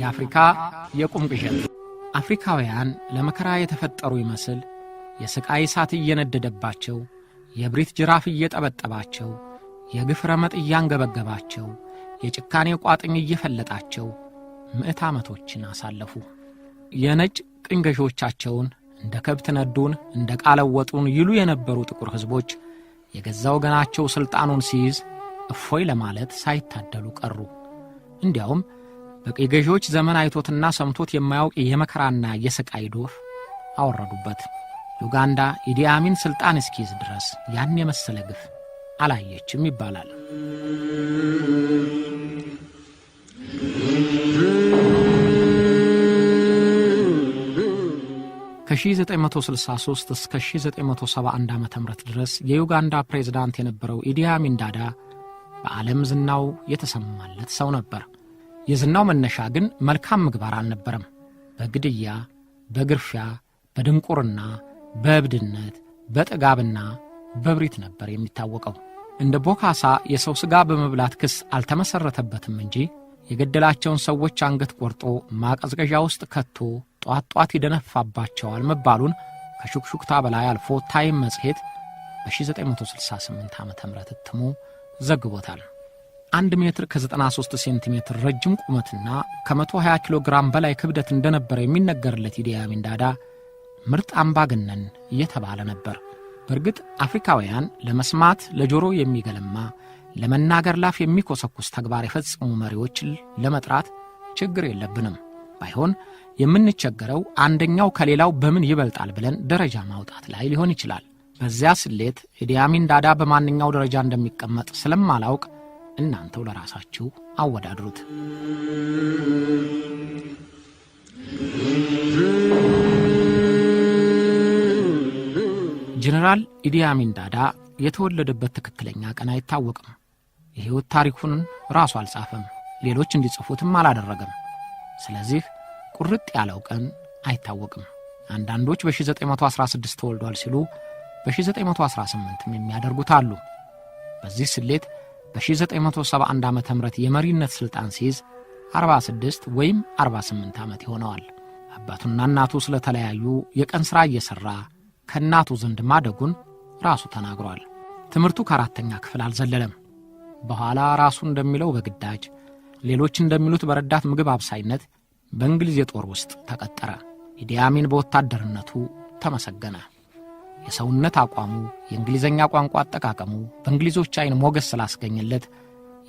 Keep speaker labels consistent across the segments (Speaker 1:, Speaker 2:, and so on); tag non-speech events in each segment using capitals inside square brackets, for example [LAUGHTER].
Speaker 1: የአፍሪካ የቁም ቅዠት አፍሪካውያን ለመከራ የተፈጠሩ ይመስል የሥቃይ እሳት እየነደደባቸው፣ የብሪት ጅራፍ እየጠበጠባቸው፣ የግፍ ረመጥ እያንገበገባቸው፣ የጭካኔ ቋጥኝ እየፈለጣቸው ምዕት ዓመቶችን አሳለፉ። የነጭ ቅኝ ገዢዎቻቸውን እንደ ከብት ነዱን፣ እንደ ቃለወጡን ይሉ የነበሩ ጥቁር ሕዝቦች የገዛ ወገናቸው ሥልጣኑን ሲይዝ እፎይ ለማለት ሳይታደሉ ቀሩ። እንዲያውም በቅኝ ገዢዎች ዘመን አይቶትና ሰምቶት የማያውቅ የመከራና የሥቃይ ዶፍ አወረዱበት። ዩጋንዳ ኢዲ አሚን ሥልጣን እስኪይዝ ድረስ ያን የመሰለ ግፍ አላየችም ይባላል። ከ1963 እስከ 1971 ዓ ም ድረስ የዩጋንዳ ፕሬዝዳንት የነበረው ኢዲ አሚን ዳዳ በዓለም ዝናው የተሰማለት ሰው ነበር። የዝናው መነሻ ግን መልካም ምግባር አልነበረም። በግድያ፣ በግርፊያ በድንቁርና፣ በእብድነት፣ በጥጋብና በብሪት ነበር የሚታወቀው። እንደ ቦካሳ የሰው ሥጋ በመብላት ክስ አልተመሠረተበትም እንጂ የገደላቸውን ሰዎች አንገት ቆርጦ ማቀዝቀዣ ውስጥ ከቶ ጧት ጧት ይደነፋባቸዋል መባሉን ከሹክሹክታ በላይ አልፎ ታይም መጽሔት በ1968 ዓ ም እትሙ ዘግቦታል። 1 ሜትር ከ93 ሴንቲሜትር ረጅም ቁመትና ከ120 ኪሎ ግራም በላይ ክብደት እንደነበረ የሚነገርለት ኢዲ አሚን ዳዳ ምርጥ አምባገነን እየተባለ ነበር። በእርግጥ አፍሪካውያን ለመስማት ለጆሮ የሚገለማ ለመናገር ላፍ የሚኮሰኩስ ተግባር የፈጸሙ መሪዎች ለመጥራት ችግር የለብንም። ባይሆን የምንቸገረው አንደኛው ከሌላው በምን ይበልጣል ብለን ደረጃ ማውጣት ላይ ሊሆን ይችላል። በዚያ ስሌት ኢዲ አሚን ዳዳ በማንኛው ደረጃ እንደሚቀመጥ ስለማላውቅ እናንተው ለራሳችሁ አወዳድሩት። ጀኔራል ኢዲ አሚን ዳዳ የተወለደበት ትክክለኛ ቀን አይታወቅም። የሕይወት ታሪኩን ራሱ አልጻፈም፣ ሌሎች እንዲጽፉትም አላደረገም። ስለዚህ ቁርጥ ያለው ቀን አይታወቅም። አንዳንዶች በ1916 ተወልዷል ሲሉ በ1918ም የሚያደርጉት አሉ። በዚህ ስሌት በ1971 ዓ ም የመሪነት ሥልጣን ሲይዝ 46 ወይም 48 ዓመት ይሆነዋል። አባቱና እናቱ ስለተለያዩ የቀን ሥራ እየሠራ ከእናቱ ዘንድ ማደጉን ራሱ ተናግሯል። ትምህርቱ ከአራተኛ ክፍል አልዘለለም። በኋላ ራሱ እንደሚለው በግዳጅ ሌሎች እንደሚሉት በረዳት ምግብ አብሳይነት በእንግሊዝ የጦር ውስጥ ተቀጠረ። ኢዲያሚን በወታደርነቱ ተመሰገነ። የሰውነት አቋሙ፣ የእንግሊዝኛ ቋንቋ አጠቃቀሙ በእንግሊዞች አይን ሞገስ ስላስገኝለት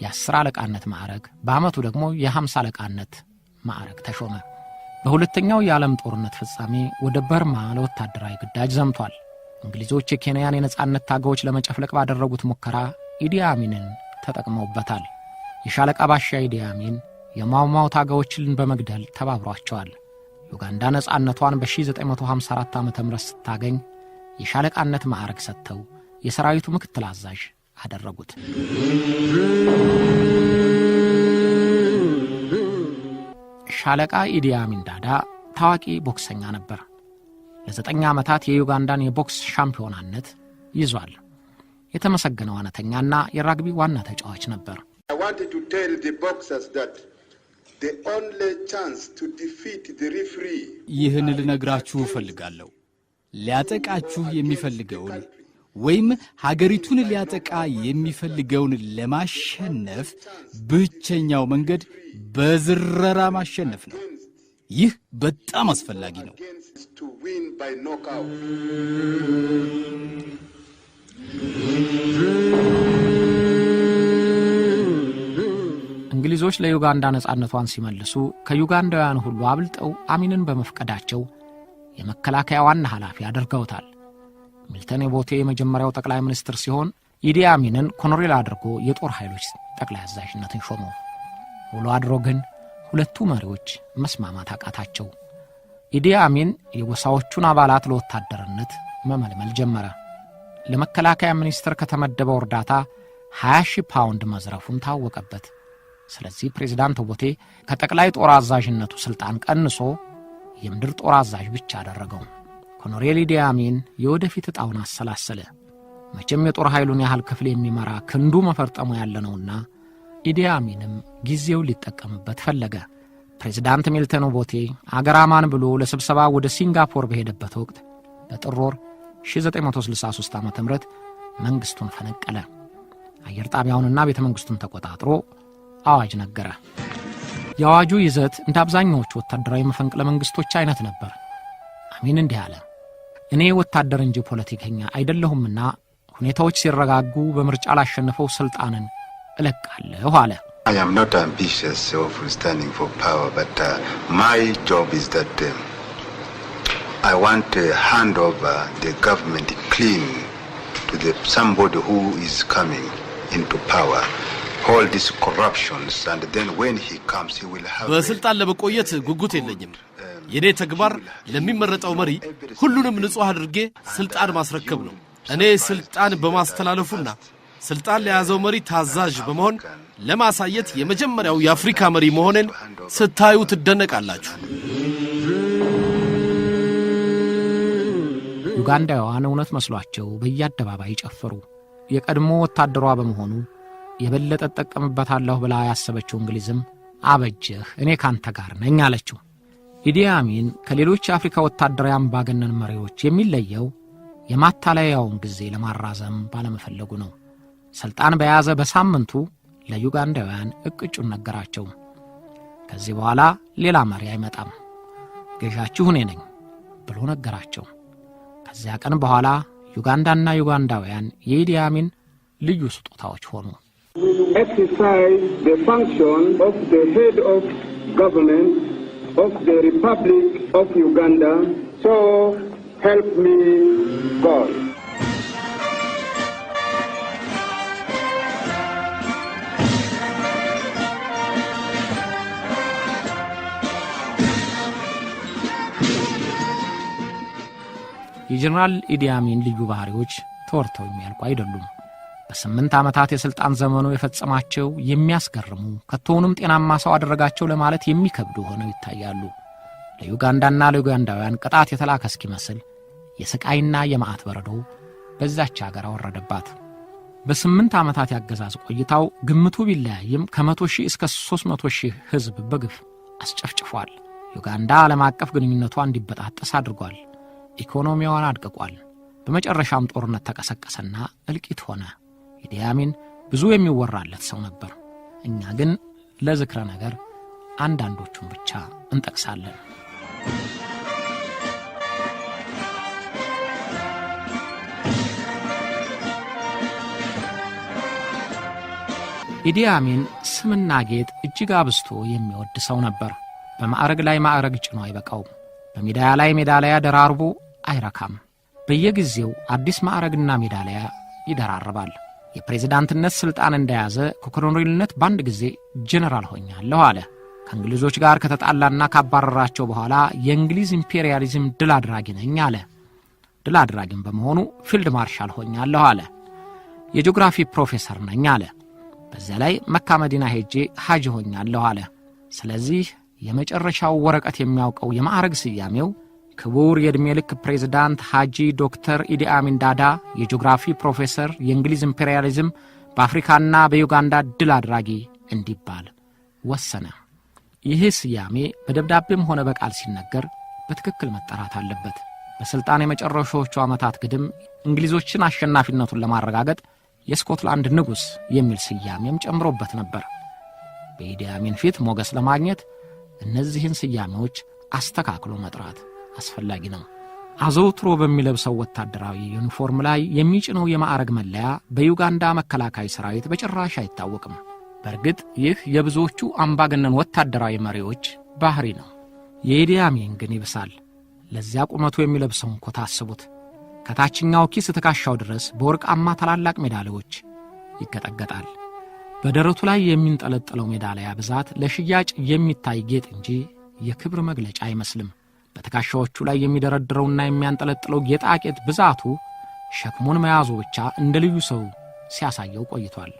Speaker 1: የአስር አለቃነት ማዕረግ በዓመቱ ደግሞ የሐምሳ አለቃነት ማዕረግ ተሾመ። በሁለተኛው የዓለም ጦርነት ፍጻሜ ወደ በርማ ለወታደራዊ ግዳጅ ዘምቷል። እንግሊዞች የኬንያን የነጻነት ታጋዎች ለመጨፍለቅ ባደረጉት ሙከራ ኢዲያሚንን ተጠቅመውበታል። የሻለቃ ባሻ ኢዲያሚን የማውማው ታጋዎችን በመግደል ተባብሯቸዋል። ዩጋንዳ ነጻነቷን በ1954 ዓ ም ስታገኝ የሻለቃነት ማዕረግ ሰጥተው የሰራዊቱ ምክትል አዛዥ አደረጉት። ሻለቃ ኢዲያሚን ዳዳ ታዋቂ ቦክሰኛ ነበር። ለዘጠኝ ዓመታት የዩጋንዳን የቦክስ ሻምፒዮናነት ይዟል። የተመሰገነ ዋነተኛና የራግቢ ዋና ተጫዋች ነበር። ይህን ልነግራችሁ እፈልጋለሁ ሊያጠቃችሁ የሚፈልገውን ወይም ሀገሪቱን ሊያጠቃ የሚፈልገውን ለማሸነፍ ብቸኛው መንገድ በዝረራ ማሸነፍ ነው። ይህ በጣም አስፈላጊ ነው። እንግሊዞች ለዩጋንዳ ነጻነቷን ሲመልሱ ከዩጋንዳውያን ሁሉ አብልጠው አሚንን በመፍቀዳቸው የመከላከያ ዋና ኃላፊ አድርገውታል። ሚልተን የቦቴ የመጀመሪያው ጠቅላይ ሚኒስትር ሲሆን ኢዲ አሚንን አድርጎ የጦር ኃይሎች ጠቅላይ አዛዥነትን ሾሙ። ውሎ አድሮ ግን ሁለቱ መሪዎች መስማማት አቃታቸው። ኢዲ አሚን የጎሳዎቹን አባላት ለወታደርነት መመልመል ጀመረ። ለመከላከያ ሚኒስትር ከተመደበው እርዳታ 20 ሺህ ፓውንድ መዝረፉን ታወቀበት። ስለዚህ ፕሬዚዳንት ቦቴ ከጠቅላይ ጦር አዛዥነቱ ሥልጣን ቀንሶ የምድር ጦር አዛዥ ብቻ አደረገው። ኮሎኔል ኢዲ አሚን የወደፊት ዕጣውን አሰላሰለ። መቼም የጦር ኃይሉን ያህል ክፍል የሚመራ ክንዱ መፈርጠሙ ያለ ነውና ኢዲ አሚንም ጊዜው ሊጠቀምበት ፈለገ። ፕሬዚዳንት ሚልተን ኦቦቴ አገራማን ብሎ ለስብሰባ ወደ ሲንጋፖር በሄደበት ወቅት በጥር ወር 1963 ዓ ም መንግሥቱን ፈነቀለ። አየር ጣቢያውንና ቤተ መንግሥቱን ተቆጣጥሮ አዋጅ ነገረ። የአዋጁ ይዘት እንደ አብዛኛዎቹ ወታደራዊ መፈንቅለ መንግሥቶች አይነት ነበር። አሚን እንዲህ አለ። እኔ ወታደር እንጂ ፖለቲከኛ አይደለሁምና ሁኔታዎች ሲረጋጉ በምርጫ ላሸነፈው ሥልጣንን እለቃለሁ አለ። በስልጣን ለመቆየት ጉጉት የለኝም። የእኔ ተግባር ለሚመረጠው መሪ ሁሉንም ንጹሕ አድርጌ ስልጣን ማስረከብ ነው። እኔ ስልጣን በማስተላለፉና ስልጣን ለያዘው መሪ ታዛዥ በመሆን ለማሳየት የመጀመሪያው የአፍሪካ መሪ መሆኔን ስታዩ ትደነቃላችሁ። ዩጋንዳውያን እውነት መስሏቸው በየአደባባይ ጨፈሩ። የቀድሞ ወታደሯ በመሆኑ የበለጠ ትጠቀምበታለሁ ብላ ያሰበችው እንግሊዝም አበጀህ፣ እኔ ካንተ ጋር ነኝ አለችው። ኢዲ አሚን ከሌሎች የአፍሪካ ወታደራዊ አምባገነን መሪዎች የሚለየው የማታለያውን ጊዜ ለማራዘም ባለመፈለጉ ነው። ሥልጣን በያዘ በሳምንቱ ለዩጋንዳውያን እቅጩን ነገራቸው። ከዚህ በኋላ ሌላ መሪ አይመጣም፣ ገዣችሁ እኔ ነኝ ብሎ ነገራቸው። ከዚያ ቀን በኋላ ዩጋንዳና ዩጋንዳውያን የኢዲ አሚን ልዩ ስጦታዎች ሆኑ።
Speaker 2: exercise the function of the head of government of the Republic of Uganda. So help me God.
Speaker 1: የጀኔራል ኢዲያሚን ልዩ ባህሪዎች ተወርተው የሚያልቁ አይደሉም። በስምንት ዓመታት የሥልጣን ዘመኑ የፈጸማቸው የሚያስገርሙ ከቶውንም ጤናማ ሰው አደረጋቸው ለማለት የሚከብዱ ሆነው ይታያሉ። ለዩጋንዳና ለዩጋንዳውያን ቅጣት የተላከ እስኪመስል የሥቃይና የመዓት በረዶ በዛች አገር አወረደባት። በስምንት ዓመታት ያገዛዝ ቆይታው ግምቱ ቢለያይም ከመቶ ሺህ እስከ ሦስት መቶ ሺህ ሕዝብ በግፍ አስጨፍጭፏል። ዩጋንዳ ዓለም አቀፍ ግንኙነቷ እንዲበጣጠስ አድርጓል። ኢኮኖሚዋን አድቅቋል። በመጨረሻም ጦርነት ተቀሰቀሰና እልቂት ሆነ። ኢዲ አሚን ብዙ የሚወራለት ሰው ነበር። እኛ ግን ለዝክረ ነገር አንዳንዶቹን ብቻ እንጠቅሳለን። ኢዲ አሚን ስምና ጌጥ እጅግ አብዝቶ የሚወድ ሰው ነበር። በማዕረግ ላይ ማዕረግ ጭኖ አይበቃውም። በሜዳያ ላይ ሜዳሊያ ደራርቦ አይረካም። በየጊዜው አዲስ ማዕረግና ሜዳሊያ ይደራርባል። የፕሬዝዳንትነት ሥልጣን እንደያዘ ከኮሎኔልነት በአንድ ጊዜ ጀነራል ሆኛለሁ አለ። ከእንግሊዞች ጋር ከተጣላና ካባረራቸው በኋላ የእንግሊዝ ኢምፔሪያሊዝም ድል አድራጊ ነኝ አለ። ድል አድራጊም በመሆኑ ፊልድ ማርሻል ሆኛለሁ አለ። የጂኦግራፊ ፕሮፌሰር ነኝ አለ። በዚያ ላይ መካ መዲና ሄጄ ሐጅ ሆኛለሁ አለ። ስለዚህ የመጨረሻው ወረቀት የሚያውቀው የማዕረግ ስያሜው ክቡር የዕድሜ ልክ ፕሬዝዳንት ሐጂ ዶክተር ኢዲ አሚን ዳዳ የጂኦግራፊ ፕሮፌሰር፣ የእንግሊዝ ኢምፔሪያሊዝም በአፍሪካና በዩጋንዳ ድል አድራጊ እንዲባል ወሰነ። ይህ ስያሜ በደብዳቤም ሆነ በቃል ሲነገር በትክክል መጠራት አለበት። በሥልጣን የመጨረሻዎቹ ዓመታት ግድም እንግሊዞችን አሸናፊነቱን ለማረጋገጥ የስኮትላንድ ንጉሥ የሚል ስያሜም ጨምሮበት ነበር። በኢዲ አሚን ፊት ሞገስ ለማግኘት እነዚህን ስያሜዎች አስተካክሎ መጥራት አስፈላጊ ነው። አዘውትሮ በሚለብሰው ወታደራዊ ዩኒፎርም ላይ የሚጭነው የማዕረግ መለያ በዩጋንዳ መከላከያ ሰራዊት በጭራሽ አይታወቅም። በእርግጥ ይህ የብዙዎቹ አምባገነን ወታደራዊ መሪዎች ባህሪ ነው። የኢዲ አሚን ግን ይብሳል። ለዚያ ቁመቱ የሚለብሰውን ኮት አስቡት። ከታችኛው ኪስ ትከሻው ድረስ በወርቃማ ታላላቅ ሜዳሊያዎች ይገጠገጣል። በደረቱ ላይ የሚንጠለጠለው ሜዳሊያ ብዛት ለሽያጭ የሚታይ ጌጥ እንጂ የክብር መግለጫ አይመስልም። በትከሻዎቹ ላይ የሚደረድረውና የሚያንጠለጥለው ጌጣጌጥ ብዛቱ ሸክሙን መያዙ ብቻ እንደ ልዩ ሰው ሲያሳየው ቆይቷል።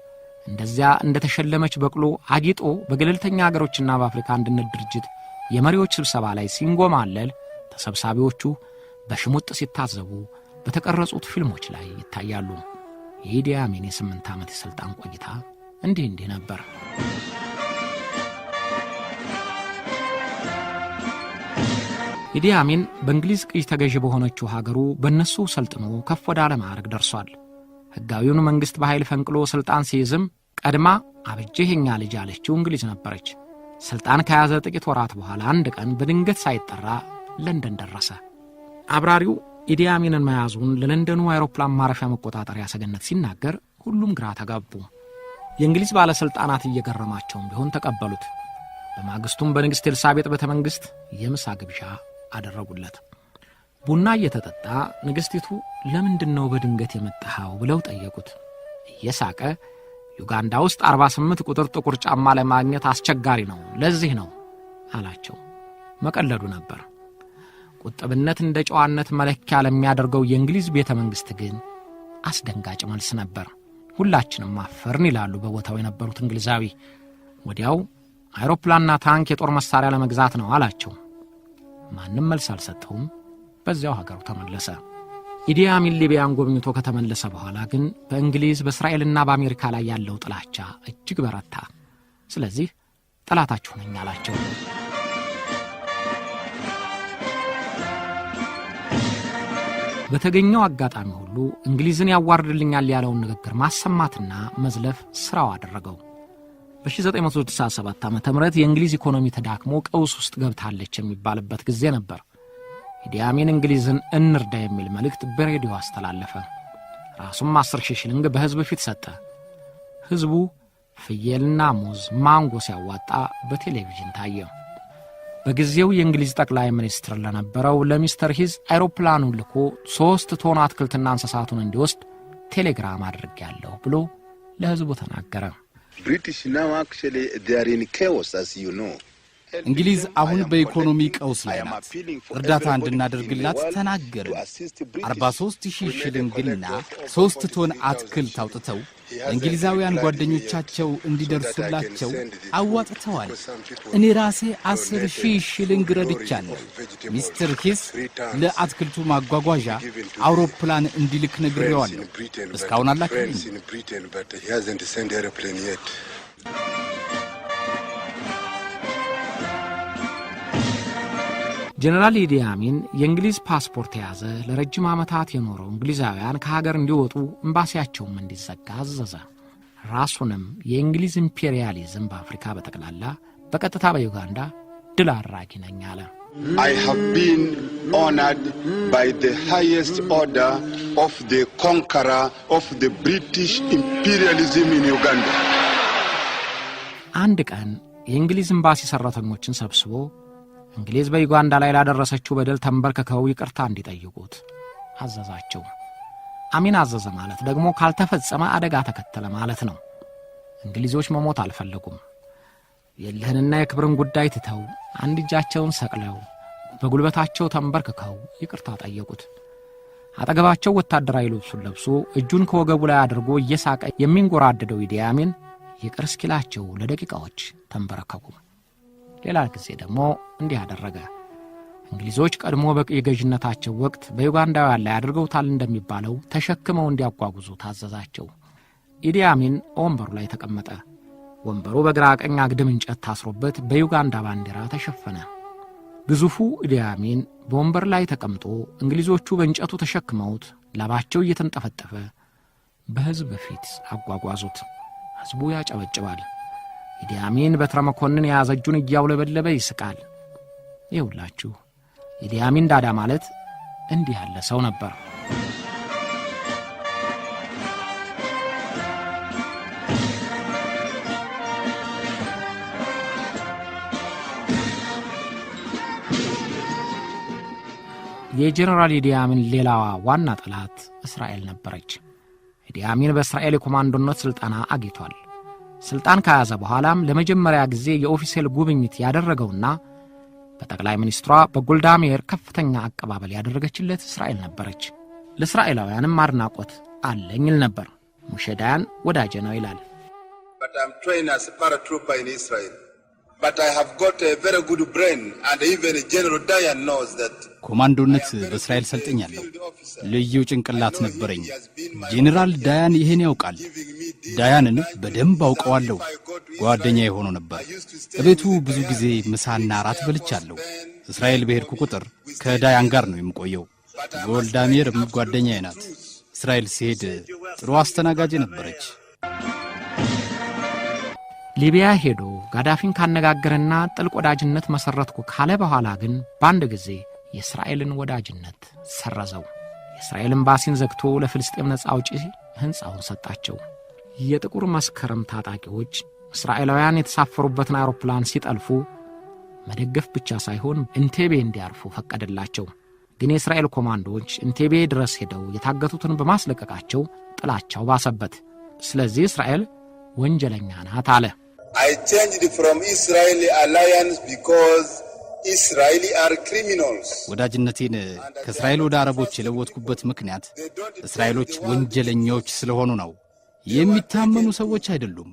Speaker 1: እንደዚያ እንደ ተሸለመች በቅሎ አጊጦ በገለልተኛ አገሮችና በአፍሪካ አንድነት ድርጅት የመሪዎች ስብሰባ ላይ ሲንጎማለል ተሰብሳቢዎቹ በሽሙጥ ሲታዘቡ በተቀረጹት ፊልሞች ላይ ይታያሉ። የኢዲ አሚን የስምንት ዓመት የሥልጣን ቆይታ እንዲህ እንዲህ ነበር። ኢዲ አሚን በእንግሊዝ ቅኝ ተገዢ በሆነችው ሀገሩ በእነሱ ሰልጥኖ ከፍ ወዳለ ማዕረግ ደርሷል። ሕጋዊውን መንግሥት በኃይል ፈንቅሎ ሥልጣን ሲይዝም ቀድማ አብጅህ የኛ ልጅ ያለችው እንግሊዝ ነበረች። ሥልጣን ከያዘ ጥቂት ወራት በኋላ አንድ ቀን በድንገት ሳይጠራ ለንደን ደረሰ። አብራሪው ኢዲ አሚንን መያዙን ለለንደኑ አውሮፕላን ማረፊያ መቆጣጠሪያ ሰገነት ሲናገር ሁሉም ግራ ተጋቡ። የእንግሊዝ ባለሥልጣናት እየገረማቸውም ቢሆን ተቀበሉት። በማግስቱም በንግሥት ኤልሳቤጥ ቤተ መንግሥት የምሳ ግብዣ አደረጉለት። ቡና እየተጠጣ ንግሥቲቱ ለምንድን ነው በድንገት የመጣኸው ብለው ጠየቁት። እየሳቀ ዩጋንዳ ውስጥ 48 ቁጥር ጥቁር ጫማ ለማግኘት አስቸጋሪ ነው፣ ለዚህ ነው አላቸው። መቀለዱ ነበር። ቁጥብነት እንደ ጨዋነት መለኪያ ለሚያደርገው የእንግሊዝ ቤተ መንግሥት ግን አስደንጋጭ መልስ ነበር። ሁላችንም አፈርን ይላሉ በቦታው የነበሩት እንግሊዛዊ። ወዲያው አይሮፕላንና ታንክ የጦር መሳሪያ ለመግዛት ነው አላቸው። ማንም መልስ አልሰጠውም። በዚያው ሀገሩ ተመለሰ። ኢዲያሚን ሊቢያን ጎብኝቶ ከተመለሰ በኋላ ግን በእንግሊዝ በእስራኤልና በአሜሪካ ላይ ያለው ጥላቻ እጅግ በረታ። ስለዚህ ጠላታችሁ ነኝ አላቸው። በተገኘው አጋጣሚ ሁሉ እንግሊዝን ያዋርድልኛል ያለውን ንግግር ማሰማትና መዝለፍ ሥራው አደረገው። በ1967 ዓ ም የእንግሊዝ ኢኮኖሚ ተዳክሞ ቀውስ ውስጥ ገብታለች የሚባልበት ጊዜ ነበር። ኢዲያሚን እንግሊዝን እንርዳ የሚል መልእክት በሬዲዮ አስተላለፈ። ራሱም አስር ሺህ ሽልንግ በሕዝብ ፊት ሰጠ። ሕዝቡ ፍየልና ሙዝ፣ ማንጎ ሲያዋጣ በቴሌቪዥን ታየ። በጊዜው የእንግሊዝ ጠቅላይ ሚኒስትር ለነበረው ለሚስተር ሂዝ አይሮፕላኑን ልኮ ሦስት ቶን አትክልትና እንስሳቱን እንዲወስድ ቴሌግራም አድርጌያለሁ ብሎ ለሕዝቡ ተናገረ።
Speaker 2: British now actually they are in chaos, as you know.
Speaker 1: እንግሊዝ አሁን በኢኮኖሚ ቀውስ ላይ ናት። እርዳታ እንድናደርግላት ተናገርን። 43 ሺህ ሽልንግና ሦስት ቶን አትክልት አውጥተው ለእንግሊዛውያን ጓደኞቻቸው እንዲደርሱላቸው አዋጥተዋል። እኔ ራሴ አስር ሺህ ሽልንግ ረድቻለሁ። ሚስትር ሂስ ለአትክልቱ ማጓጓዣ አውሮፕላን እንዲልክ ነግሬዋለሁ። እስካሁን አላከልኝ። ጀነራል ኢዲ አሚን የእንግሊዝ ፓስፖርት የያዘ ለረጅም ዓመታት የኖረው እንግሊዛውያን ከሀገር እንዲወጡ ኤምባሲያቸውም እንዲዘጋ አዘዘ። ራሱንም የእንግሊዝ ኢምፔሪያሊዝም በአፍሪካ በጠቅላላ በቀጥታ በዩጋንዳ ድል አድራጊ ነኝ አለ።
Speaker 2: I have been honored by the highest order of the conqueror of the British imperialism in Uganda.
Speaker 1: አንድ ቀን የእንግሊዝ ኤምባሲ ሠራተኞችን ሰብስቦ እንግሊዝ በዩጋንዳ ላይ ላደረሰችው በደል ተንበርክከው ይቅርታ እንዲጠይቁት አዘዛቸው። አሚን አዘዘ ማለት ደግሞ ካልተፈጸመ አደጋ ተከተለ ማለት ነው። እንግሊዞች መሞት አልፈለጉም። የእልህንና የክብርን ጉዳይ ትተው አንድ እጃቸውን ሰቅለው በጉልበታቸው ተንበርክከው ይቅርታ ጠየቁት። አጠገባቸው ወታደራዊ ልብሱን ለብሶ እጁን ከወገቡ ላይ አድርጎ እየሳቀ የሚንጎራደደው ኢዲያሚን ይቅር እስኪላቸው ለደቂቃዎች ተንበረከኩ። ሌላ ጊዜ ደግሞ እንዲህ አደረገ። እንግሊዞች ቀድሞ የገዥነታቸው ገዥነታቸው ወቅት በዩጋንዳውያን ላይ አድርገውታል እንደሚባለው ተሸክመው እንዲያጓጉዙ ታዘዛቸው። ኢዲ አሚን ወንበሩ ላይ ተቀመጠ። ወንበሩ በግራ ቀኝ አግድም እንጨት ታስሮበት በዩጋንዳ ባንዲራ ተሸፈነ። ግዙፉ ኢዲ አሚን በወንበር ላይ ተቀምጦ እንግሊዞቹ በእንጨቱ ተሸክመውት ላባቸው እየተንጠፈጠፈ በሕዝብ ፊት አጓጓዙት። ሕዝቡ ያጨበጭባል። ኢዲያሚን በትረ መኮንን የያዘ እጁን እያውለበለበ ይስቃል። ይውላችሁ ኢዲያሚን ዳዳ ማለት እንዲህ ያለ ሰው ነበር። የጀነራል ኢዲያሚን ሌላዋ ዋና ጠላት እስራኤል ነበረች። ኢዲያሚን በእስራኤል የኮማንዶነት ሥልጠና አግኝቷል። ሥልጣን ከያዘ በኋላም ለመጀመሪያ ጊዜ የኦፊሴል ጉብኝት ያደረገውና በጠቅላይ ሚኒስትሯ በጎልዳ ሜር ከፍተኛ አቀባበል ያደረገችለት እስራኤል ነበረች። ለእስራኤላውያንም አድናቆት አለኝ ይል ነበር። ሙሼ ዳያን ወዳጄ ነው ይላል። ኮማንዶነት በእስራኤል ሰልጥኛለሁ። ልዩ ጭንቅላት ነበረኝ። ጄኔራል ዳያን ይህን ያውቃል። ዳያንን በደንብ አውቀዋለሁ። ጓደኛ የሆነው ነበር። እቤቱ ብዙ ጊዜ ምሳና አራት በልቻለሁ። እስራኤል በሄድኩ ቁጥር ከዳያን ጋር ነው የምቆየው። ጎልዳሜርም ጓደኛዬ ናት። እስራኤል ሲሄድ ጥሩ አስተናጋጅ ነበረች። ሊቢያ ሄዶ ጋዳፊን ካነጋገረና ጥልቅ ወዳጅነት መሠረትኩ ካለ በኋላ ግን በአንድ ጊዜ የእስራኤልን ወዳጅነት ሰረዘው። የእስራኤል ኤምባሲን ዘግቶ ለፍልስጤም ነፃ አውጪ ሕንፃውን ሰጣቸው። የጥቁር መስከረም ታጣቂዎች እስራኤላውያን የተሳፈሩበትን አውሮፕላን ሲጠልፉ መደገፍ ብቻ ሳይሆን እንቴቤ እንዲያርፉ ፈቀደላቸው። ግን የእስራኤል ኮማንዶዎች እንቴቤ ድረስ ሄደው የታገቱትን በማስለቀቃቸው ጥላቻው ባሰበት። ስለዚህ እስራኤል ወንጀለኛ ናት አለ።
Speaker 2: I changed from Israeli alliance because Israeli are criminals.
Speaker 1: ወዳጅነቴን ከእስራኤል ወደ አረቦች የለወጥኩበት ምክንያት እስራኤሎች ወንጀለኛዎች ስለሆኑ ነው። የሚታመኑ ሰዎች አይደሉም።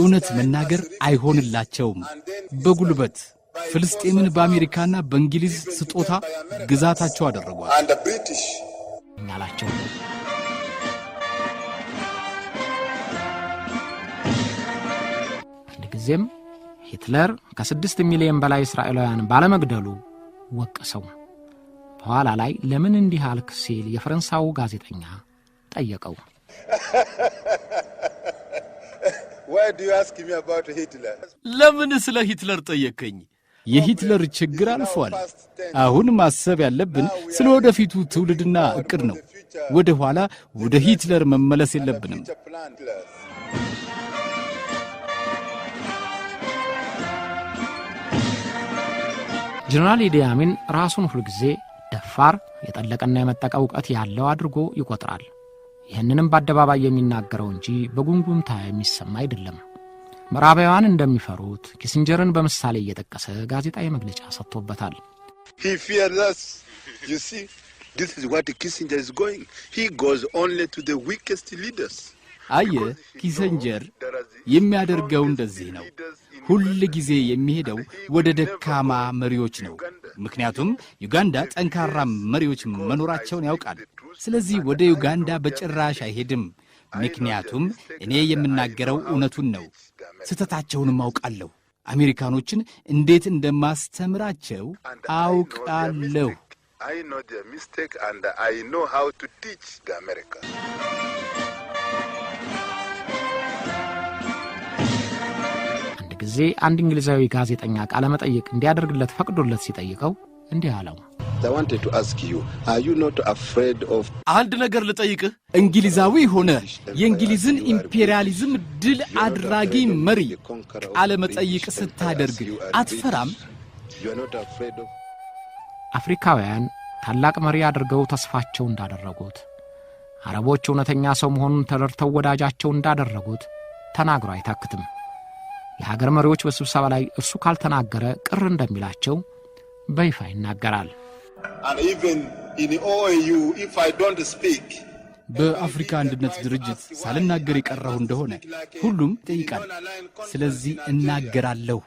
Speaker 1: እውነት መናገር አይሆንላቸውም። በጉልበት ፍልስጤምን በአሜሪካና በእንግሊዝ ስጦታ ግዛታቸው አደረጓል እናላቸው። ጊዜም ሂትለር ከስድስት ሚሊዮን በላይ እስራኤላውያን ባለመግደሉ ወቀሰው። በኋላ ላይ ለምን እንዲህ አልክ ሲል የፈረንሳው ጋዜጠኛ ጠየቀው። [LAUGHS] ለምን ስለ ሂትለር ጠየከኝ? የሂትለር ችግር አልፏል። አሁን ማሰብ ያለብን ስለ ወደፊቱ ትውልድና እቅድ ነው። ወደ ኋላ ወደ ሂትለር መመለስ የለብንም። አድሚራል ኢዲያሚን አሚን ራሱን ሁልጊዜ ደፋር፣ የጠለቀና የመጠቀ እውቀት ያለው አድርጎ ይቆጥራል። ይህንንም በአደባባይ የሚናገረው እንጂ በጉንጉምታ የሚሰማ አይደለም። ምዕራባውያን እንደሚፈሩት ኪሲንጀርን በምሳሌ እየጠቀሰ ጋዜጣዊ መግለጫ ሰጥቶበታል። ኪሲንጀር አየ ኪሰንጀር የሚያደርገው እንደዚህ ነው። ሁል ጊዜ የሚሄደው ወደ ደካማ መሪዎች ነው። ምክንያቱም ዩጋንዳ ጠንካራ መሪዎች መኖራቸውን ያውቃል። ስለዚህ ወደ ዩጋንዳ በጭራሽ አይሄድም። ምክንያቱም እኔ የምናገረው እውነቱን ነው። ስህተታቸውንም አውቃለሁ። አሜሪካኖችን እንዴት እንደማስተምራቸው አውቃለሁ። ጊዜ አንድ እንግሊዛዊ ጋዜጠኛ ቃለመጠይቅ እንዲያደርግለት ፈቅዶለት ሲጠይቀው እንዲህ አለው። አንድ ነገር ልጠይቅህ። እንግሊዛዊ ሆነ የእንግሊዝን ኢምፔሪያሊዝም ድል አድራጊ መሪ መጠይቅ ስታደርግ አትፈራም? አፍሪካውያን ታላቅ መሪ አድርገው ተስፋቸው እንዳደረጉት አረቦች እውነተኛ ሰው መሆኑን ተረድተው ወዳጃቸው እንዳደረጉት ተናግሮ አይታክትም። የሀገር መሪዎች በስብሰባ ላይ እርሱ ካልተናገረ ቅር እንደሚላቸው በይፋ ይናገራል። በአፍሪካ አንድነት ድርጅት ሳልናገር የቀረሁ እንደሆነ ሁሉም ይጠይቃል። ስለዚህ እናገራለሁ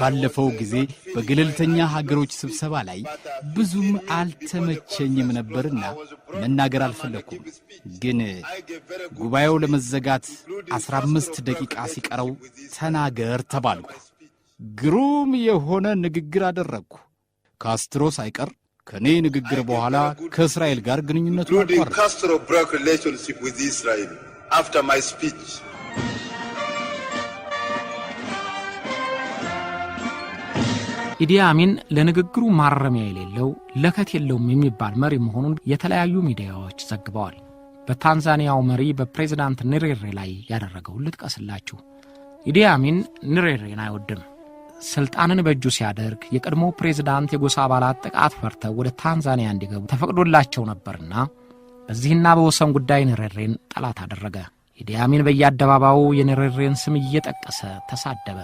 Speaker 1: ባለፈው ጊዜ በገለልተኛ ሀገሮች ስብሰባ ላይ ብዙም አልተመቸኝም ነበርና መናገር አልፈለግኩም። ግን ጉባኤው ለመዘጋት 15 ደቂቃ ሲቀረው ተናገር ተባልኩ። ግሩም የሆነ ንግግር አደረግኩ። ካስትሮ ሳይቀር ከእኔ ንግግር በኋላ ከእስራኤል ጋር ግንኙነቱ አቋረጠ። ኢዲ አሚን ለንግግሩ ማረሚያ የሌለው ለከት የለውም የሚባል መሪ መሆኑን የተለያዩ ሚዲያዎች ዘግበዋል። በታንዛኒያው መሪ በፕሬዝዳንት ንሬሬ ላይ ያደረገውን ልጥቀስላችሁ። ኢዲ አሚን ንሬሬን አይወድም። ስልጣንን በእጁ ሲያደርግ የቀድሞ ፕሬዝዳንት የጎሳ አባላት ጥቃት ፈርተው ወደ ታንዛኒያ እንዲገቡ ተፈቅዶላቸው ነበርና በዚህና በወሰን ጉዳይ ንሬሬን ጠላት አደረገ። ኢዲ አሚን በየአደባባዩ የንሬሬን ስም እየጠቀሰ ተሳደበ።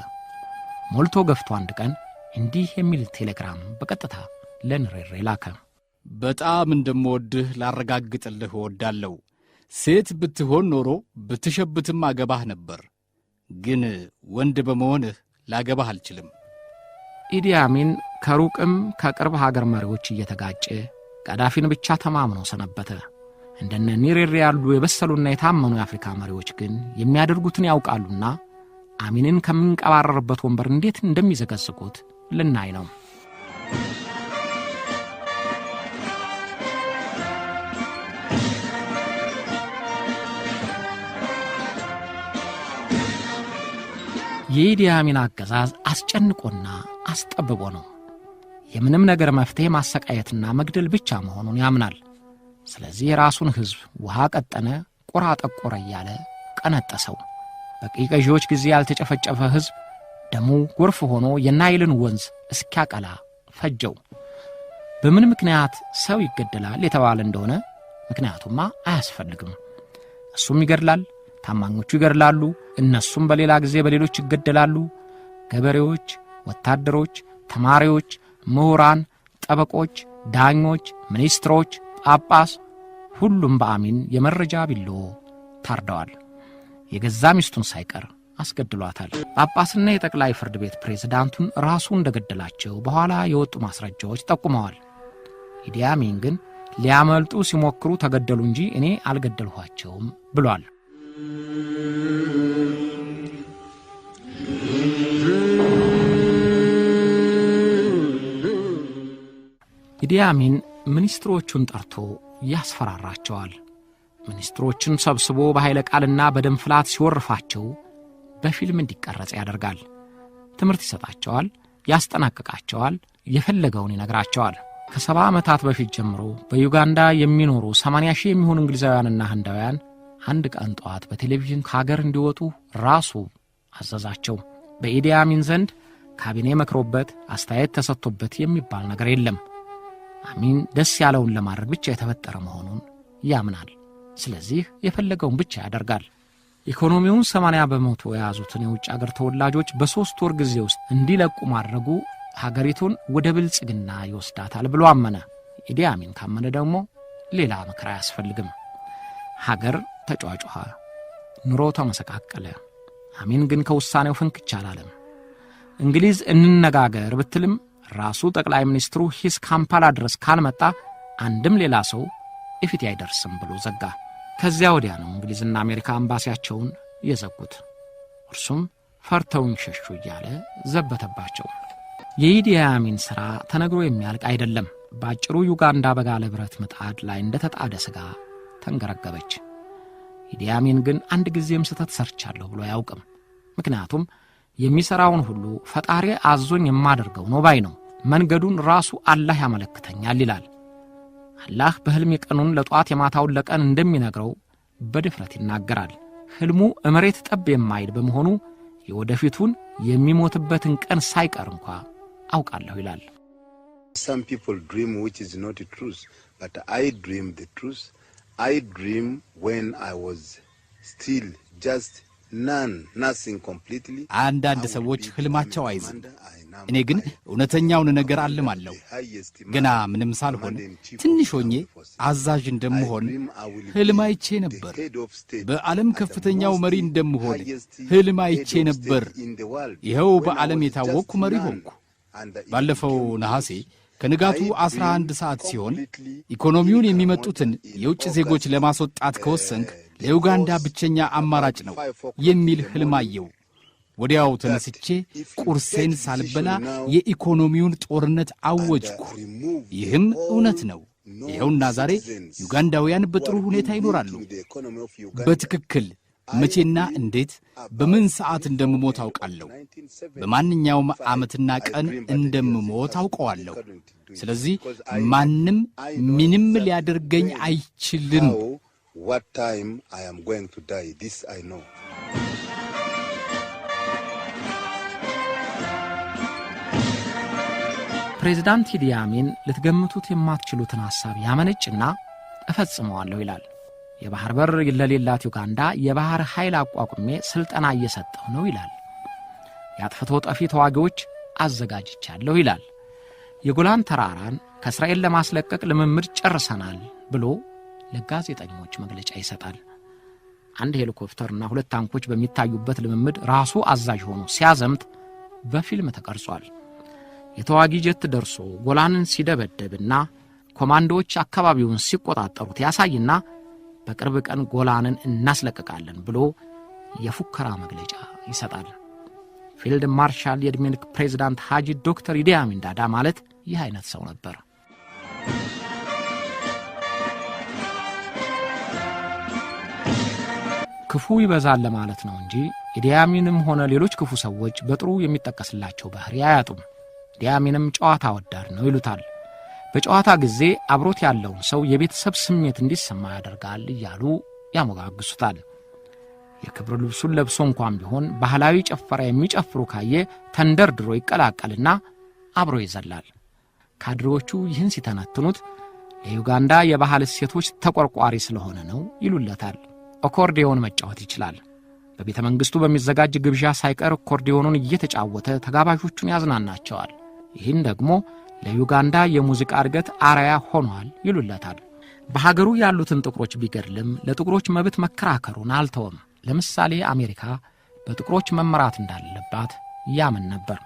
Speaker 1: ሞልቶ ገፍቶ አንድ ቀን እንዲህ የሚል ቴሌግራም በቀጥታ ለንሬሬ ላከ። በጣም እንደምወድህ ላረጋግጥልህ እወዳለሁ። ሴት ብትሆን ኖሮ ብትሸብትም አገባህ ነበር፣ ግን ወንድ በመሆንህ ላገባህ አልችልም። ኢዲ አሚን ከሩቅም ከቅርብ ሀገር መሪዎች እየተጋጨ ቀዳፊን ብቻ ተማምኖ ሰነበተ። እንደነ ኒሬሬ ያሉ የበሰሉና የታመኑ የአፍሪካ መሪዎች ግን የሚያደርጉትን ያውቃሉና አሚንን ከምንቀባረርበት ወንበር እንዴት እንደሚዘገዝቁት ልናይ ነው። የኢዲ አሚን አገዛዝ አስጨንቆና አስጠብቦ ነው። የምንም ነገር መፍትሔ ማሰቃየትና መግደል ብቻ መሆኑን ያምናል። ስለዚህ የራሱን ሕዝብ ውሃ ቀጠነ፣ ቁራ ጠቆረ እያለ ቀነጠሰው። በቅኝ ገዢዎች ጊዜ ያልተጨፈጨፈ ሕዝብ ደሙ ጎርፍ ሆኖ የናይልን ወንዝ እስኪያቀላ ፈጀው። በምን ምክንያት ሰው ይገደላል የተባለ እንደሆነ ምክንያቱማ አያስፈልግም። እሱም ይገድላል፣ ታማኞቹ ይገድላሉ፣ እነሱም በሌላ ጊዜ በሌሎች ይገደላሉ። ገበሬዎች፣ ወታደሮች፣ ተማሪዎች፣ ምሁራን፣ ጠበቆች፣ ዳኞች፣ ሚኒስትሮች፣ ጳጳስ ሁሉም በአሚን የመረጃ ቢሎ ታርደዋል። የገዛ ሚስቱን ሳይቀር አስገድሏታል። ጳጳስና የጠቅላይ ፍርድ ቤት ፕሬዝዳንቱን ራሱ እንደገደላቸው በኋላ የወጡ ማስረጃዎች ጠቁመዋል። ኢዲ አሚን ግን ሊያመልጡ ሲሞክሩ ተገደሉ እንጂ እኔ አልገደልኋቸውም ብሏል። ኢዲ አሚን ሚኒስትሮቹን ጠርቶ ያስፈራራቸዋል። ሚኒስትሮችን ሰብስቦ በኃይለ ቃልና በደም ፍላት ሲወርፋቸው በፊልም እንዲቀረጽ ያደርጋል። ትምህርት ይሰጣቸዋል፣ ያስጠናቅቃቸዋል፣ የፈለገውን ይነግራቸዋል። ከሰባ ዓመታት በፊት ጀምሮ በዩጋንዳ የሚኖሩ 80 ሺህ የሚሆኑ እንግሊዛውያንና ህንዳውያን አንድ ቀን ጠዋት በቴሌቪዥን ከሀገር እንዲወጡ ራሱ አዘዛቸው። በኢዲ አሚን ዘንድ ካቢኔ መክሮበት አስተያየት ተሰጥቶበት የሚባል ነገር የለም። አሚን ደስ ያለውን ለማድረግ ብቻ የተፈጠረ መሆኑን ያምናል። ስለዚህ የፈለገውን ብቻ ያደርጋል። ኢኮኖሚውን 80 በመቶ የያዙትን የውጭ አገር ተወላጆች በሦስት ወር ጊዜ ውስጥ እንዲለቁ ማድረጉ ሀገሪቱን ወደ ብልጽግና ይወስዳታል ብሎ አመነ። ኢዲ አሚን ካመነ ደግሞ ሌላ ምክር አያስፈልግም። ሀገር ተጫጫኋ፣ ኑሮ ተመሰቃቀለ። አሚን ግን ከውሳኔው ፍንክች አላለም። እንግሊዝ እንነጋገር ብትልም ራሱ ጠቅላይ ሚኒስትሩ ሂስ ካምፓላ ድረስ ካልመጣ አንድም ሌላ ሰው እፊት አይደርስም ብሎ ዘጋ። ከዚያ ወዲያ ነው እንግሊዝና አሜሪካ አምባሲያቸውን የዘጉት። እርሱም ፈርተውኝ ሸሹ እያለ ዘበተባቸው። የኢዲያሚን ሥራ ተነግሮ የሚያልቅ አይደለም። በአጭሩ ዩጋንዳ በጋለ ብረት ምጣድ ላይ እንደ ተጣደ ሥጋ ተንገረገበች። ኢዲያሚን ግን አንድ ጊዜም ስህተት ሰርቻለሁ ብሎ አያውቅም። ምክንያቱም የሚሠራውን ሁሉ ፈጣሪ አዞኝ የማደርገው ነው ባይ ነው። መንገዱን ራሱ አላህ ያመለክተኛል ይላል። አላህ በሕልም የቀኑን ለጧት የማታውን ለቀን እንደሚነግረው በድፍረት ይናገራል። ሕልሙ እመሬት ጠብ የማይል በመሆኑ የወደፊቱን የሚሞትበትን ቀን ሳይቀር እንኳ አውቃለሁ ይላል። Some people አንዳንድ ሰዎች ህልማቸው አይዝም። እኔ ግን እውነተኛውን ነገር አልማለሁ። ገና ምንም ሳልሆን ትንሽ ሆኜ አዛዥ እንደምሆን ህልም አይቼ ነበር። በዓለም ከፍተኛው መሪ እንደምሆን ህልም አይቼ ነበር። ይኸው በዓለም የታወቅኩ መሪ ሆንኩ። ባለፈው ነሐሴ ከንጋቱ 11 ሰዓት ሲሆን ኢኮኖሚውን የሚመጡትን የውጭ ዜጎች ለማስወጣት ከወሰንክ eh, ለዩጋንዳ ብቸኛ አማራጭ ነው የሚል ህልም አየው። ወዲያው ተነስቼ ቁርሴን ሳልበላ የኢኮኖሚውን ጦርነት አወጅኩ። ይህም እውነት ነው። ይኸውና ዛሬ ዩጋንዳውያን በጥሩ ሁኔታ ይኖራሉ። በትክክል መቼና እንዴት በምን ሰዓት እንደምሞት አውቃለሁ። በማንኛውም ዓመትና ቀን እንደምሞት አውቀዋለሁ። ስለዚህ ማንም ምንም ሊያደርገኝ አይችልም።
Speaker 2: what time I am going to die. This I know.
Speaker 1: ፕሬዚዳንት ኢዲ አሚን ልትገምቱት የማትችሉትን ሐሳብ ያመነጭና እፈጽመዋለሁ ይላል። የባሕር በር ለሌላት ዩጋንዳ የባሕር ኃይል አቋቁሜ ሥልጠና እየሰጠው ነው ይላል። የአጥፍቶ ጠፊ ተዋጊዎች አዘጋጅቻለሁ ይላል። የጎላን ተራራን ከእስራኤል ለማስለቀቅ ልምምድ ጨርሰናል ብሎ ለጋዜጠኞች መግለጫ ይሰጣል። አንድ ሄሊኮፕተርና ሁለት ታንኮች በሚታዩበት ልምምድ ራሱ አዛዥ ሆኖ ሲያዘምት በፊልም ተቀርጿል። የተዋጊ ጀት ደርሶ ጎላንን ሲደበደብና ኮማንዶዎች አካባቢውን ሲቆጣጠሩት ያሳይና በቅርብ ቀን ጎላንን እናስለቅቃለን ብሎ የፉከራ መግለጫ ይሰጣል። ፊልድ ማርሻል የዕድሜ ልክ ፕሬዚዳንት ሐጂ ዶክተር ኢዲ አሚን ዳዳ ማለት ይህ አይነት ሰው ነበር። ክፉ ይበዛል ለማለት ነው እንጂ ኢዲያሚንም ሆነ ሌሎች ክፉ ሰዎች በጥሩ የሚጠቀስላቸው ባህሪ አያጡም። ኢዲያሚንም ጨዋታ ወዳድ ነው ይሉታል። በጨዋታ ጊዜ አብሮት ያለውን ሰው የቤተሰብ ስሜት እንዲሰማ ያደርጋል እያሉ ያሞጋግሱታል። የክብር ልብሱን ለብሶ እንኳን ቢሆን ባህላዊ ጨፈራ የሚጨፍሩ ካየ ተንደርድሮ ይቀላቀልና አብሮ ይዘላል። ካድሬዎቹ ይህን ሲተነትኑት ለዩጋንዳ የባህል እሴቶች ተቆርቋሪ ስለሆነ ነው ይሉለታል። አኮርዲዮን መጫወት ይችላል። በቤተ መንግሥቱ በሚዘጋጅ ግብዣ ሳይቀር አኮርዲዮኑን እየተጫወተ ተጋባዦቹን ያዝናናቸዋል። ይህን ደግሞ ለዩጋንዳ የሙዚቃ እድገት አርያ ሆኗል ይሉለታል። በሀገሩ ያሉትን ጥቁሮች ቢገድልም ለጥቁሮች መብት መከራከሩን አልተወም። ለምሳሌ አሜሪካ በጥቁሮች መመራት እንዳለባት ያምን ነበር።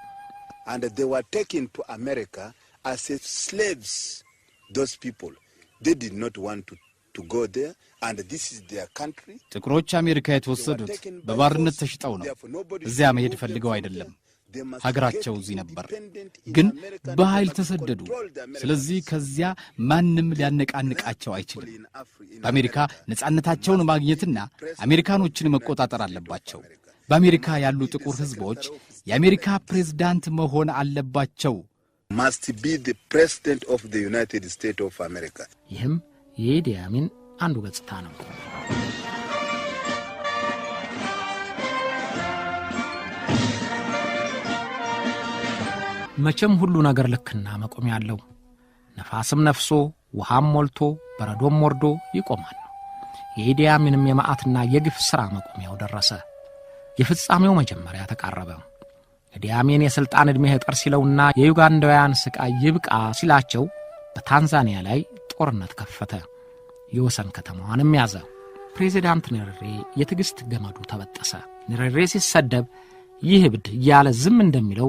Speaker 1: ጥቁሮች አሜሪካ የተወሰዱት በባርነት ተሽጠው ነው። እዚያ መሄድ ፈልገው አይደለም። ሀገራቸው እዚህ ነበር፣ ግን በኃይል ተሰደዱ። ስለዚህ ከዚያ ማንም ሊያነቃንቃቸው አይችልም። በአሜሪካ ነፃነታቸውን ማግኘትና አሜሪካኖችን መቆጣጠር አለባቸው። በአሜሪካ ያሉ ጥቁር ሕዝቦች የአሜሪካ ፕሬዝዳንት መሆን አለባቸው። ይህም የኢዲ አሚን አንዱ ገጽታ ነው። መቼም ሁሉ ነገር ልክና መቆሚያ አለው። ነፋስም ነፍሶ ውሃም ሞልቶ በረዶም ወርዶ ይቆማል። የኢዲ አሚንም የግፍ ሥራ መቆሚያው ደረሰ። የፍጻሜው መጀመሪያ ተቃረበ። ኢዲ አሚን የሥልጣን ዕድሜ ሕጠር ሲለውና የዩጋንዳውያን ሥቃይ ይብቃ ሲላቸው በታንዛኒያ ላይ ጦርነት ከፈተ። የወሰን ከተማዋንም ያዘ። ፕሬዚዳንት ንርሬ የትዕግሥት ገመዱ ተበጠሰ። ንርሬ ሲሰደብ ይህ እብድ እያለ ዝም እንደሚለው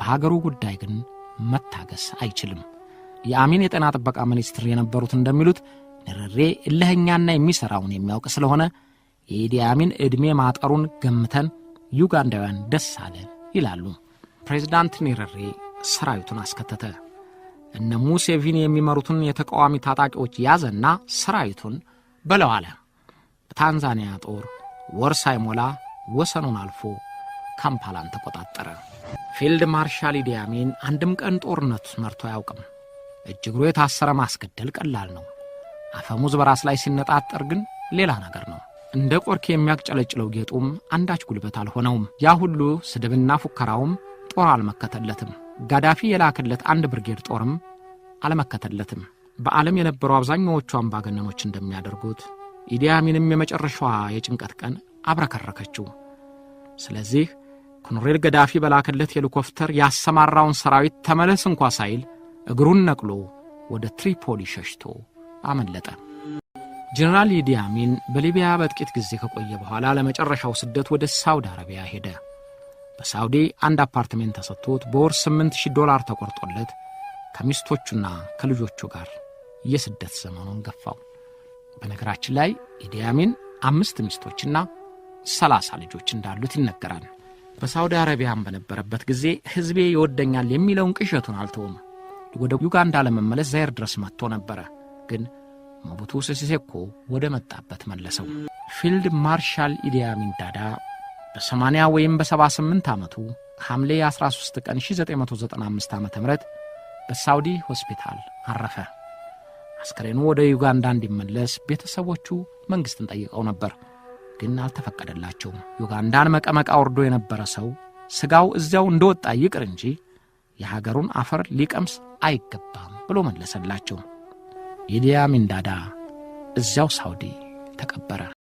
Speaker 1: በሀገሩ ጉዳይ ግን መታገስ አይችልም። የአሚን የጤና ጥበቃ ሚኒስትር የነበሩት እንደሚሉት ንርሬ እልህኛና የሚሠራውን የሚያውቅ ስለሆነ የኢዲ አሚን ዕድሜ ማጠሩን ገምተን ዩጋንዳውያን ደስ አለ ይላሉ። ፕሬዚዳንት ኔረሬ ሰራዊቱን አስከተተ። እነ ሙሴቪኒ የሚመሩትን የተቃዋሚ ታጣቂዎች ያዘና ሰራዊቱን በለው አለ። በታንዛኒያ ጦር ወር ሳይሞላ ወሰኑን አልፎ ካምፓላን ተቆጣጠረ። ፊልድ ማርሻል ኢዲ አሚን አንድም ቀን ጦርነት መርቶ አያውቅም። እጅ እግሩ የታሰረ ማስገደል ቀላል ነው። አፈሙዝ በራስ ላይ ሲነጣጠር ግን ሌላ ነገር ነው። እንደ ቆርኬ የሚያቅጨለጭለው ጌጡም አንዳች ጉልበት አልሆነውም። ያ ሁሉ ስድብና ፉከራውም ጦር አልመከተለትም። ጋዳፊ የላከለት አንድ ብርጌድ ጦርም አልመከተለትም። በዓለም የነበሩ አብዛኛዎቹ አምባገነኖች እንደሚያደርጉት ኢዲያሚንም የመጨረሻዋ የጭንቀት ቀን አብረከረከችው። ስለዚህ ኮሎኔል ገዳፊ በላከለት ሄሊኮፍተር ያሰማራውን ሰራዊት ተመለስ እንኳ ሳይል እግሩን ነቅሎ ወደ ትሪፖሊ ሸሽቶ አመለጠ። ጀነራል ኢዲያሚን በሊቢያ በጥቂት ጊዜ ከቆየ በኋላ ለመጨረሻው ስደት ወደ ሳውዲ አረቢያ ሄደ። በሳውዲ አንድ አፓርትሜንት ተሰጥቶት በወር 8000 ዶላር ተቆርጦለት ከሚስቶቹና ከልጆቹ ጋር የስደት ዘመኑን ገፋው። በነገራችን ላይ ኢዲያሚን አምስት ሚስቶችና ሰላሳ ልጆች እንዳሉት ይነገራል። በሳውዲ አረቢያን በነበረበት ጊዜ ሕዝቤ ይወደኛል የሚለውን ቅዠቱን አልተውም። ወደ ዩጋንዳ ለመመለስ ዛይር ድረስ መጥቶ ነበረ ግን ሞቡቱ ሴሴሴኮ ወደ መጣበት መለሰው። ፊልድ ማርሻል ኢዲያሚን ዳዳ በ80 ወይም በ78 ዓመቱ ሐምሌ 13 ቀን 1995 ዓ ም በሳውዲ ሆስፒታል አረፈ። አስክሬኑ ወደ ዩጋንዳ እንዲመለስ ቤተሰቦቹ መንግሥትን ጠይቀው ነበር፣ ግን አልተፈቀደላቸውም። ዩጋንዳን መቀመቅ አውርዶ የነበረ ሰው ሥጋው እዚያው እንደወጣ ይቅር እንጂ የሀገሩን አፈር ሊቀምስ አይገባም ብሎ መለሰላቸው። ኢዲያ ሚንዳዳ እዚያው ሳውዲ ተቀበረ።